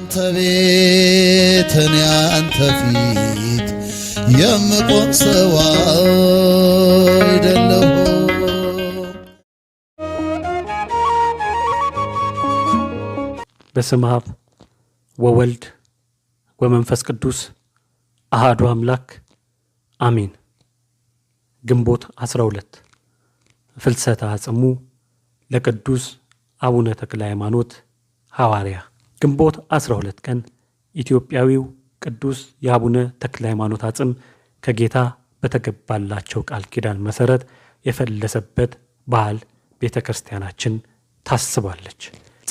አንተ ቤት እኔ አንተ ፊት የምቆም ሰው አይደለሁ። በስመ አብ ወወልድ ወመንፈስ ቅዱስ አሃዱ አምላክ አሜን። ግንቦት 12 ፍልሰተ አጽሙ ለቅዱስ አቡነ ተክለ ሃይማኖት ሐዋርያ ግንቦት 12 ቀን ኢትዮጵያዊው ቅዱስ የአቡነ ተክለ ሃይማኖት አጽም ከጌታ በተገባላቸው ቃል ኪዳን መሰረት የፈለሰበት በዓል ቤተ ክርስቲያናችን ታስባለች።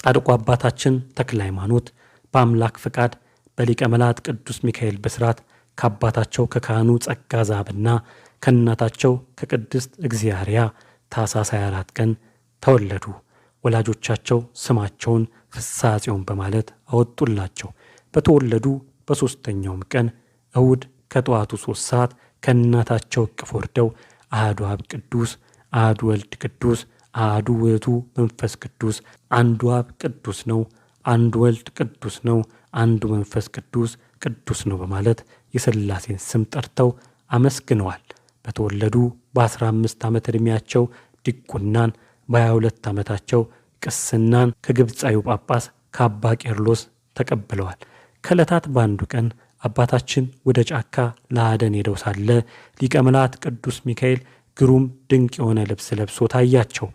ጻድቁ አባታችን ተክለ ሃይማኖት በአምላክ ፍቃድ በሊቀ መላእክት ቅዱስ ሚካኤል ብስራት ከአባታቸው ከካህኑ ጸጋ ዛብና ከእናታቸው ከቅድስት እግዚአርያ ታኅሳስ 24 ቀን ተወለዱ። ወላጆቻቸው ስማቸውን ፍስሐ ጽዮን በማለት አወጡላቸው። በተወለዱ በሦስተኛውም ቀን እሁድ ከጠዋቱ ሦስት ሰዓት ከእናታቸው እቅፍ ወርደው አህዱ አብ ቅዱስ፣ አህዱ ወልድ ቅዱስ፣ አህዱ ውእቱ መንፈስ ቅዱስ፣ አንዱ አብ ቅዱስ ነው፣ አንዱ ወልድ ቅዱስ ነው፣ አንዱ መንፈስ ቅዱስ ቅዱስ ነው በማለት የሥላሴን ስም ጠርተው አመስግነዋል። በተወለዱ በአስራ አምስት ዓመት ዕድሜያቸው ድቁናን በሀያ ሁለት ዓመታቸው ቅስናን ከግብፃዩ ጳጳስ ከአባ ቄርሎስ ተቀብለዋል። ከዕለታት በአንዱ ቀን አባታችን ወደ ጫካ ለአደን ሄደው ሳለ ሊቀ መላእክት ቅዱስ ሚካኤል ግሩም ድንቅ የሆነ ልብስ ለብሶ ታያቸው።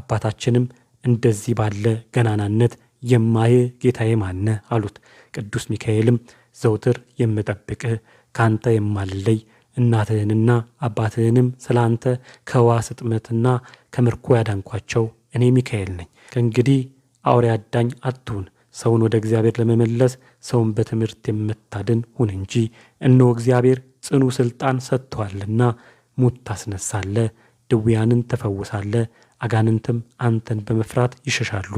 አባታችንም እንደዚህ ባለ ገናናነት የማየ ጌታዬ ማነ አሉት። ቅዱስ ሚካኤልም ዘውትር የምጠብቅህ ከአንተ የማልለይ እናትህንና አባትህንም ስለ አንተ ከዋስ ስጥመትና ከምርኮ ያዳንኳቸው እኔ ሚካኤል ነኝ። ከእንግዲህ አውሬ አዳኝ አትሁን፣ ሰውን ወደ እግዚአብሔር ለመመለስ ሰውን በትምህርት የምታድን ሁን እንጂ። እነሆ እግዚአብሔር ጽኑ ሥልጣን ሰጥቶአልና፣ ሙት ታስነሳለ፣ ድውያንን ተፈውሳለ፣ አጋንንትም አንተን በመፍራት ይሸሻሉ።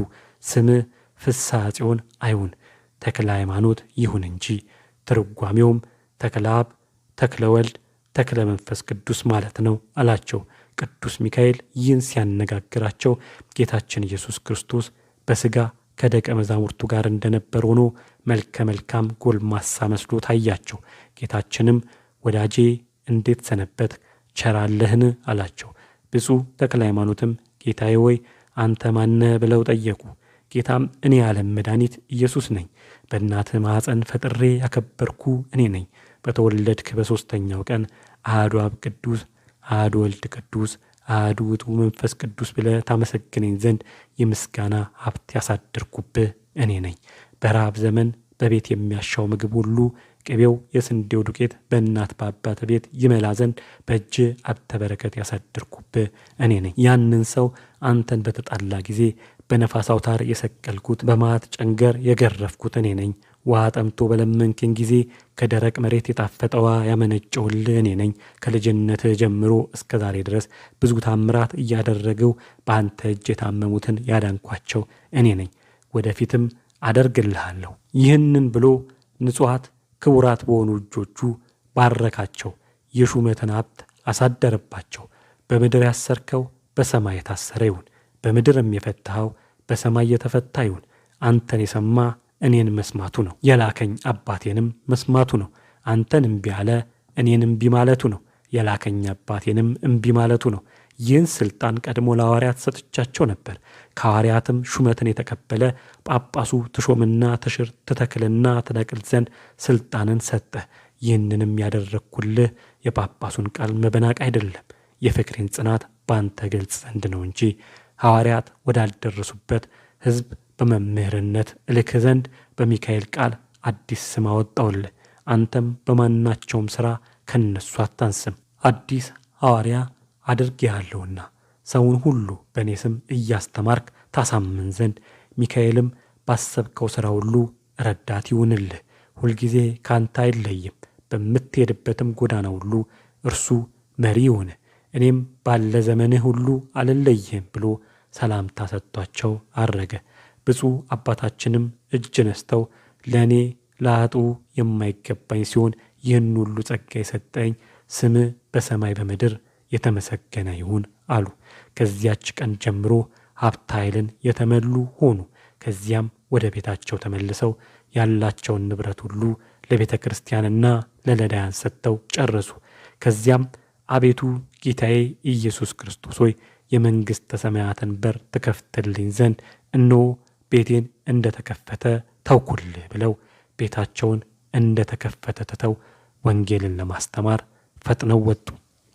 ስምህ ፍሳ ጽዮን አይሁን ተክለ ሃይማኖት ይሁን እንጂ። ትርጓሜውም ተክለ አብ ተክለ ወልድ ተክለ መንፈስ ቅዱስ ማለት ነው አላቸው። ቅዱስ ሚካኤል ይህን ሲያነጋግራቸው ጌታችን ኢየሱስ ክርስቶስ በሥጋ ከደቀ መዛሙርቱ ጋር እንደነበር ሆኖ መልከ መልካም ጎልማሳ መስሎ ታያቸው። ጌታችንም ወዳጄ እንዴት ሰነበት ቸራለህን አላቸው። ብፁዕ ተክለ ሃይማኖትም ጌታዬ ወይ አንተ ማነ ብለው ጠየቁ። ጌታም እኔ ያለም መድኃኒት ኢየሱስ ነኝ፣ በእናትህ ማኅፀን ፈጥሬ ያከበርኩ እኔ ነኝ፣ በተወለድክ በሦስተኛው ቀን አህዱ አብ ቅዱስ አህዱ ወልድ ቅዱስ አህዱ ውጡ መንፈስ ቅዱስ ብለ ታመሰግነኝ ዘንድ የምስጋና ሀብት ያሳደርኩብህ እኔ ነኝ። በረሃብ ዘመን በቤት የሚያሻው ምግብ ሁሉ ቅቤው የስንዴው ዱቄት በእናት በአባት ቤት ይመላ ዘንድ በእጅ አተበረከት በረከት ያሳድርኩብህ እኔ ነኝ። ያንን ሰው አንተን በተጣላ ጊዜ በነፋስ አውታር የሰቀልኩት በማት ጨንገር የገረፍኩት እኔ ነኝ። ውሃ ጠምቶ በለመንክን ጊዜ ከደረቅ መሬት የጣፈጠዋ ያመነጨውል ያመነጨውልህ እኔ ነኝ። ከልጅነት ጀምሮ እስከ ዛሬ ድረስ ብዙ ታምራት እያደረገው በአንተ እጅ የታመሙትን ያዳንኳቸው እኔ ነኝ። ወደፊትም አደርግልሃለሁ። ይህንን ብሎ ንጹሐት ክቡራት በሆኑ እጆቹ ባረካቸው። የሹመትን ሀብት አሳደረባቸው። በምድር ያሰርከው በሰማይ የታሰረ ይሁን። በምድርም የፈታኸው በሰማይ የተፈታ ይሁን። አንተን የሰማ እኔን መስማቱ ነው፣ የላከኝ አባቴንም መስማቱ ነው። አንተን እምቢ አለ እኔን እምቢ ማለቱ ነው፣ የላከኝ አባቴንም እምቢ ማለቱ ነው። ይህን ስልጣን ቀድሞ ለሐዋርያት ሰጥቻቸው ነበር። ከሐዋርያትም ሹመትን የተቀበለ ጳጳሱ ትሾምና ትሽር ትተክልና ትነቅል ዘንድ ስልጣንን ሰጠ ይህንንም ያደረግኩልህ የጳጳሱን ቃል መበናቅ አይደለም፣ የፍቅሬን ጽናት በአንተ ገልጽ ዘንድ ነው እንጂ ሐዋርያት ወዳልደረሱበት ሕዝብ በመምህርነት እልክህ ዘንድ በሚካኤል ቃል አዲስ ስም አወጣውል። አንተም በማናቸውም ሥራ ከነሱ አታንስም። አዲስ ሐዋርያ አድርጌሃለሁና ሰውን ሁሉ በእኔ ስም እያስተማርክ ታሳምን ዘንድ ሚካኤልም ባሰብከው ሥራ ሁሉ ረዳት ይሁንልህ። ሁልጊዜ ካንተ አይለይም። በምትሄድበትም ጎዳና ሁሉ እርሱ መሪ ይሁንህ። እኔም ባለ ዘመንህ ሁሉ አልለይህም ብሎ ሰላምታ ሰጥቷቸው አረገ። ብፁዕ አባታችንም እጅ ነስተው ለእኔ ለአጡ የማይገባኝ ሲሆን ይህን ሁሉ ጸጋ የሰጠኝ ስም በሰማይ በምድር የተመሰገነ ይሁን አሉ። ከዚያች ቀን ጀምሮ ሀብተ ኃይልን የተመሉ ሆኑ። ከዚያም ወደ ቤታቸው ተመልሰው ያላቸውን ንብረት ሁሉ ለቤተ ክርስቲያንና ለለዳያን ሰጥተው ጨረሱ። ከዚያም አቤቱ ጌታዬ ኢየሱስ ክርስቶስ ሆይ የመንግሥተ ሰማያትን በር ትከፍትልኝ ዘንድ እኖ ቤቴን እንደ ተከፈተ ተውኩልህ ብለው ቤታቸውን እንደ ተከፈተ ትተው ወንጌልን ለማስተማር ፈጥነው ወጡ።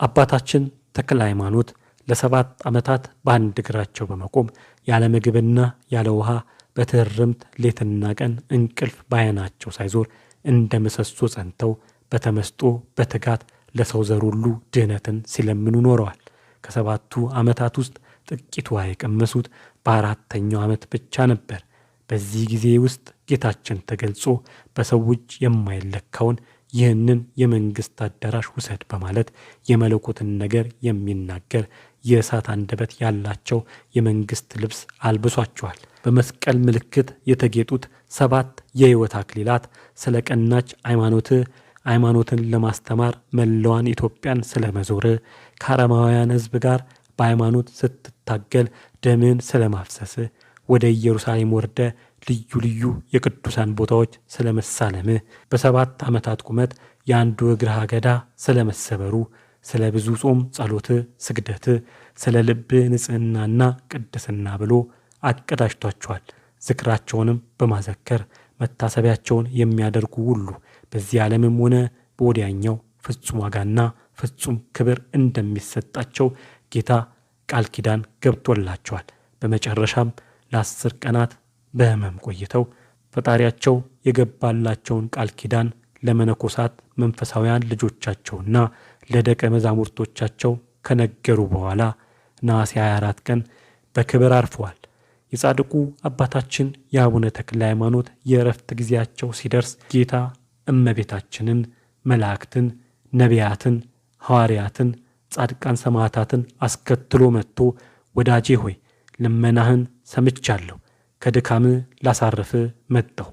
አባታችን ተክለ ሃይማኖት ለሰባት ዓመታት በአንድ እግራቸው በመቆም ያለ ምግብና ያለ ውሃ በትርምት ሌትና ቀን እንቅልፍ ባያናቸው ሳይዞር እንደ ምሰሶ ጸንተው በተመስጦ በትጋት ለሰው ዘር ሁሉ ድህነትን ሲለምኑ ኖረዋል። ከሰባቱ ዓመታት ውስጥ ጥቂት ውሃ የቀመሱት በአራተኛው ዓመት ብቻ ነበር። በዚህ ጊዜ ውስጥ ጌታችን ተገልጾ በሰዎች የማይለካውን ይህንን የመንግሥት አዳራሽ ውሰድ በማለት የመለኮትን ነገር የሚናገር የእሳት አንደበት ያላቸው የመንግሥት ልብስ አልብሷቸዋል። በመስቀል ምልክት የተጌጡት ሰባት የሕይወት አክሊላት ስለ ቀናች ሃይማኖትህ ሃይማኖትን ለማስተማር መላዋን ኢትዮጵያን ስለመዞር ከአረማውያን ሕዝብ ጋር በሃይማኖት ስትታገል ደምን ስለማፍሰስ ወደ ኢየሩሳሌም ወርደ ልዩ ልዩ የቅዱሳን ቦታዎች ስለመሳለም በሰባት ዓመታት ቁመት የአንዱ እግር አገዳ ስለመሰበሩ ስለ ብዙ ጾም፣ ጸሎት፣ ስግደት፣ ስለ ልብ ንጽህናና ቅድስና ብሎ አቀዳጅቷቸዋል። ዝክራቸውንም በማዘከር መታሰቢያቸውን የሚያደርጉ ሁሉ በዚህ ዓለምም ሆነ በወዲያኛው ፍጹም ዋጋና ፍጹም ክብር እንደሚሰጣቸው ጌታ ቃል ኪዳን ገብቶላቸዋል። በመጨረሻም ለአስር ቀናት በህመም ቆይተው ፈጣሪያቸው የገባላቸውን ቃል ኪዳን ለመነኮሳት መንፈሳውያን ልጆቻቸውና ለደቀ መዛሙርቶቻቸው ከነገሩ በኋላ ነሐሴ 24 ቀን በክብር አርፈዋል። የጻድቁ አባታችን የአቡነ ተክለ ሃይማኖት የእረፍት ጊዜያቸው ሲደርስ ጌታ እመቤታችንን፣ መላእክትን፣ ነቢያትን፣ ሐዋርያትን፣ ጻድቃን፣ ሰማዕታትን አስከትሎ መጥቶ ወዳጄ ሆይ ልመናህን ሰምቻለሁ፣ ከድካም ላሳርፍ መጣሁ።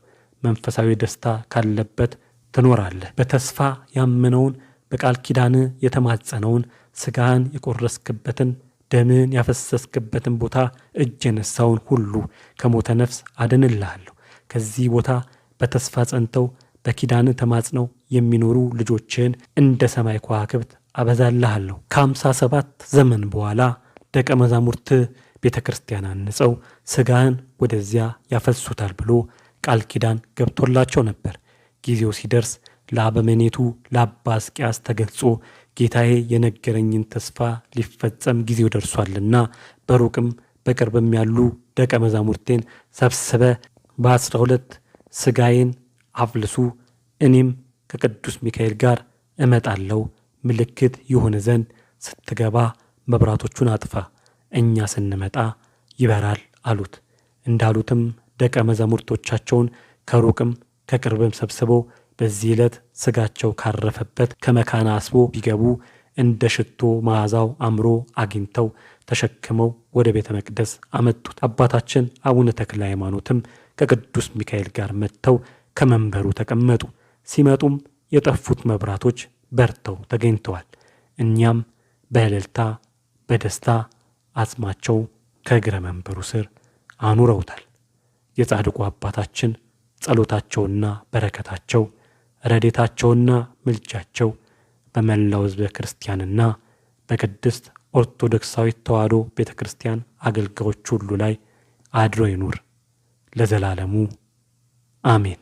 መንፈሳዊ ደስታ ካለበት ትኖራለህ። በተስፋ ያመነውን በቃል ኪዳን የተማጸነውን ሥጋህን የቆረስክበትን ደምን ያፈሰስክበትን ቦታ እጅ የነሳውን ሁሉ ከሞተ ነፍስ አድንልሃለሁ። ከዚህ ቦታ በተስፋ ጸንተው በኪዳን ተማጽነው የሚኖሩ ልጆችን እንደ ሰማይ ከዋክብት አበዛልሃለሁ። ከአምሳ ሰባት ዘመን በኋላ ደቀ መዛሙርት ቤተ ክርስቲያን አንጸው ሥጋህን ወደዚያ ያፈሱታል ብሎ ቃል ኪዳን ገብቶላቸው ነበር። ጊዜው ሲደርስ ለአበመኔቱ ለአባ ሕዝቅያስ ተገልጾ ጌታዬ የነገረኝን ተስፋ ሊፈጸም ጊዜው ደርሷልና በሩቅም በቅርብም ያሉ ደቀ መዛሙርቴን ሰብስበ በአስራ ሁለት ሥጋዬን አፍልሱ፣ እኔም ከቅዱስ ሚካኤል ጋር እመጣለሁ ምልክት የሆነ ዘንድ ስትገባ መብራቶቹን አጥፋ፣ እኛ ስንመጣ ይበራል አሉት። እንዳሉትም ደቀ መዛሙርቶቻቸውን ከሩቅም ከቅርብም ሰብስበው በዚህ ዕለት ሥጋቸው ካረፈበት ከመካና አስቦ ቢገቡ እንደ ሽቶ መዓዛው አምሮ አግኝተው ተሸክመው ወደ ቤተ መቅደስ አመጡት። አባታችን አቡነ ተክለ ሃይማኖትም ከቅዱስ ሚካኤል ጋር መጥተው ከመንበሩ ተቀመጡ። ሲመጡም የጠፉት መብራቶች በርተው ተገኝተዋል። እኛም በእልልታ በደስታ አጽማቸው ከእግረ መንበሩ ስር አኑረውታል። የጻድቁ አባታችን ጸሎታቸውና በረከታቸው ረዴታቸውና ምልጃቸው በመላው ሕዝበ ክርስቲያንና በቅድስት ኦርቶዶክሳዊት ተዋሕዶ ቤተ ክርስቲያን አገልጋዮች ሁሉ ላይ አድሮ ይኑር ለዘላለሙ አሜን።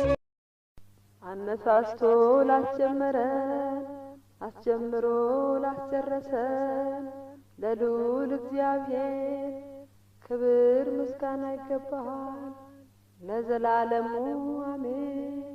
ነሳስቶ ላስጀመረን አስጀምሮ ላስጨረሰን ለልዑል እግዚአብሔር ክብር ምስጋና ይገባል ለዘላለሙ አሜን።